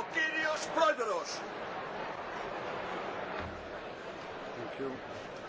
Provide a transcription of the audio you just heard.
ο κύριος πρόεδρος. Thank you.